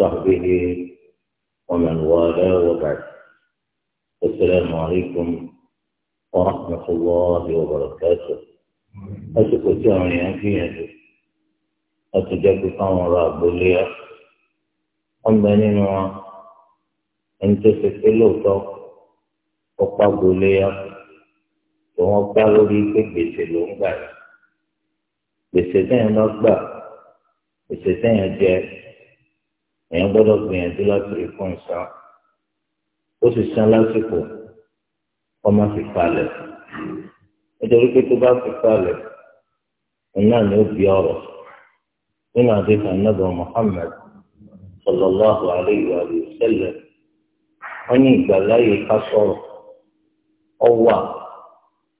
وصحبه ومن والاه وبعد السلام عليكم ورحمة الله وبركاته أشكو تعني أكيد أتجاك قمر أبوليا أما نينوى أنت سكيلوتو ọ̀pá gbolẹ́yà tó wọ́n gbá lórí pé gbèsè ló ń gbà gbèsè èèyàn gbọ́dọ̀ gbìyànjú láti rí fún ìsá ó sì san lásìkò ọmọ fi falẹ̀ nítorí pé tó bá fi falẹ̀ iná ni ó bí ọ̀rọ̀ nínú àdéhùn anábọ̀ Muhammad sallallahu alayhi wa sallam wọ́n ní ìgbàláyè ká sọ̀rọ̀ ọ wà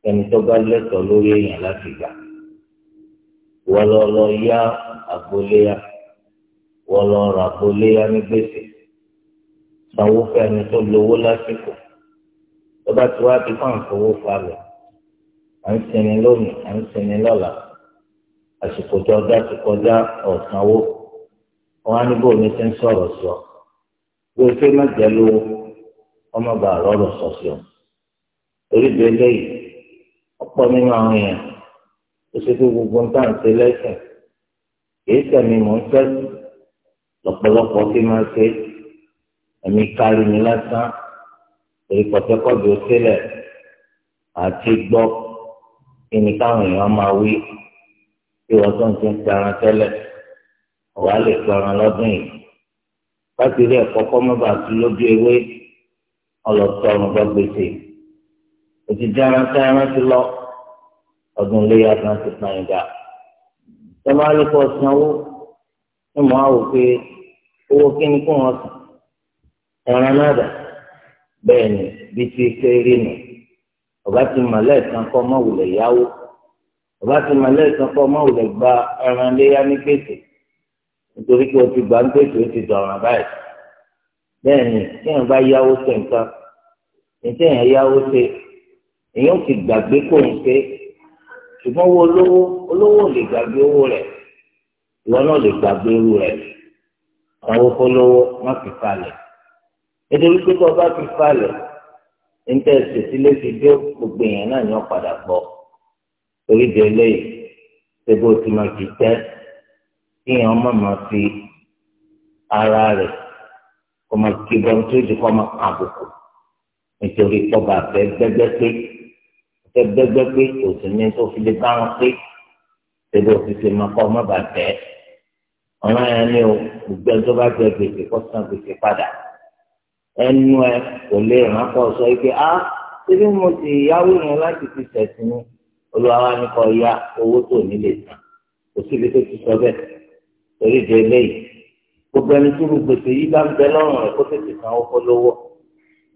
ẹni tó bá lẹ́tọ̀ọ́ lórí èèyàn láti gbà wọ́n lọ lọ yá àgbóléyà wọ́n lọ rà kó léyà ní gbèsè sanwó fẹ́ni tó lówó lásìkò tó bá ti wá di fún àǹfọwó falẹ̀ à ń sinmi lónìí à ń sinmi lọ́la àsìkò tó ọjà ti kọjá ọ̀sánwó wọn á ní bó omi ti ń sọ̀rọ̀ sí ọ bí o ṣe má jẹ́ lówó ọmọ rọrùn sọ sí ọ torí bí nínú àwọn èèyàn ó ṣe pé gbogbo ń tà ń ṣe kì í sẹ̀mí mò ń sẹ́sìn lọ́pọ̀lọpọ̀ fi máa ṣe ẹ̀mí kárí mi lásán èyí kọ̀tẹ́kọ̀dọ̀ sílẹ̀ àti gbọ́ kí ni káwọn èèyàn máa wí tí wọ́n tó ń ti ń taran tẹ́lẹ̀ ọ̀wá lè taran lọ́dún yìí láti rí ẹ̀kọ́ kọ́mọ́bà tún lójú ewé ọlọ́tọ́run gbọ́gbèsè òtí dáran táran ti lọ ọdún léyà kan ti pààyàn dà tẹ́lẹ̀ wọ́n á lè ní mo á wò pé owó kíni kó wọn sàn ẹran náà dà bẹ́ẹ̀ ni bí ti kéré nù ọba ti mọ̀ lẹ́ẹ̀kan kọ́ mọ́wùlẹ̀ yáwó ọba ti mọ̀ lẹ́ẹ̀kan kọ́ mọ́wùlẹ̀ gba ẹran léyà ní gbèsè nítorí pé o ti gbà ń gbèsè o ti dọ̀ràn báyìí bẹ́ẹ̀ ni téèyàn bá yáwó ṣe nǹkan ní téèyàn yáwó ṣe èèyàn ti gbàgbé kó ń ṣe ṣùgbọ́n owó olówó olówó lè gbàgbé owó rẹ̀ ìwọ náà lè gbàgbé irú rẹ̀ sanwó kólówó má fi falẹ̀ nítorí pé tó o bá fi falẹ̀ níta ẹsẹ̀ sílé fi dé gbogbo èèyàn náà ní ọ̀padà gbọ́ torí di eléyìí ṣé bó ti máa fi tẹ́ kí èèyàn má máa fi ara rẹ̀ kó máa kí bọ́n tó di kó máa àbùkù nítorí pọ́ba àfẹ́ gbẹ́gbẹ́ pé àfẹ́ gbẹ́gbẹ́ pé òsì ní tó fi lè bá wọn pé ebi òfìsè makọ ọmọ bá tẹ ọmọ yẹn ni o gbogbo ẹjọ bá jẹ gbèsè kó san gbèsè padà ẹnu ẹ kò lè ràn kọ sọ pé a ṣébí mo ti yáwó yẹn láti fi sẹsìn ní olùwàwá ni kò ya owó tó nílé san kò síbi tó ti sọ bẹ́ẹ̀ torí de eléyìí gbogbo ẹni tó gbèsè yìí bá ń bẹ lọ́rùn rẹ̀ kó tètè san owó lówó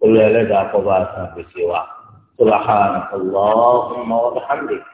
olùwàlẹ́dàá kọ́ bá san gbèsè wa subhanaka Allahumma wa bihamdika.